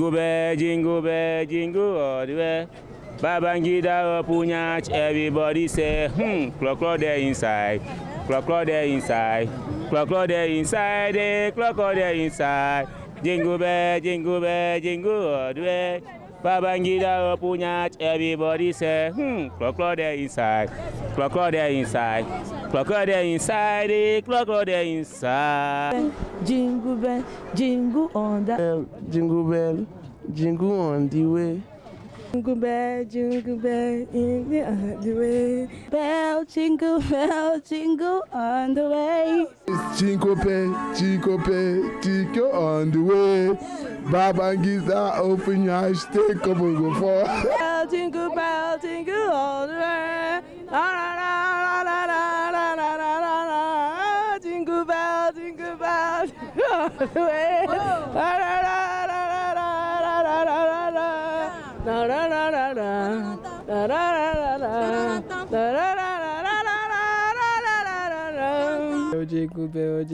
Jingle bell, jingle bell, jingle all the way. Babangida Punyach, everybody say, hmm, clock clock there inside, clock clock there inside, clock clock there inside, eh, clock clock there inside. Jingle bell, jingle bell, jingle all the way. Babangida Opunyach, everybody say, hmm, clock clock there inside, clock clock there inside, clock clock there inside, eh, clock clock there inside. Jingle bell, jingle on the bell, jingle bell, jingle on the way. Jingle bell, jingle bell, in the, on way. Bell, jingle bell, jingle on the way. Chinkope, Chinkope, Chinko on the way. Baba Gita, open your eyes, take a and go for. Jingle bell, jingle all the way. La la la la la la la la la la. Jingle bell, jingle bell, jingle all the way. La la la la la la la la la la. La la la la la la la la la la. OJ Goubert,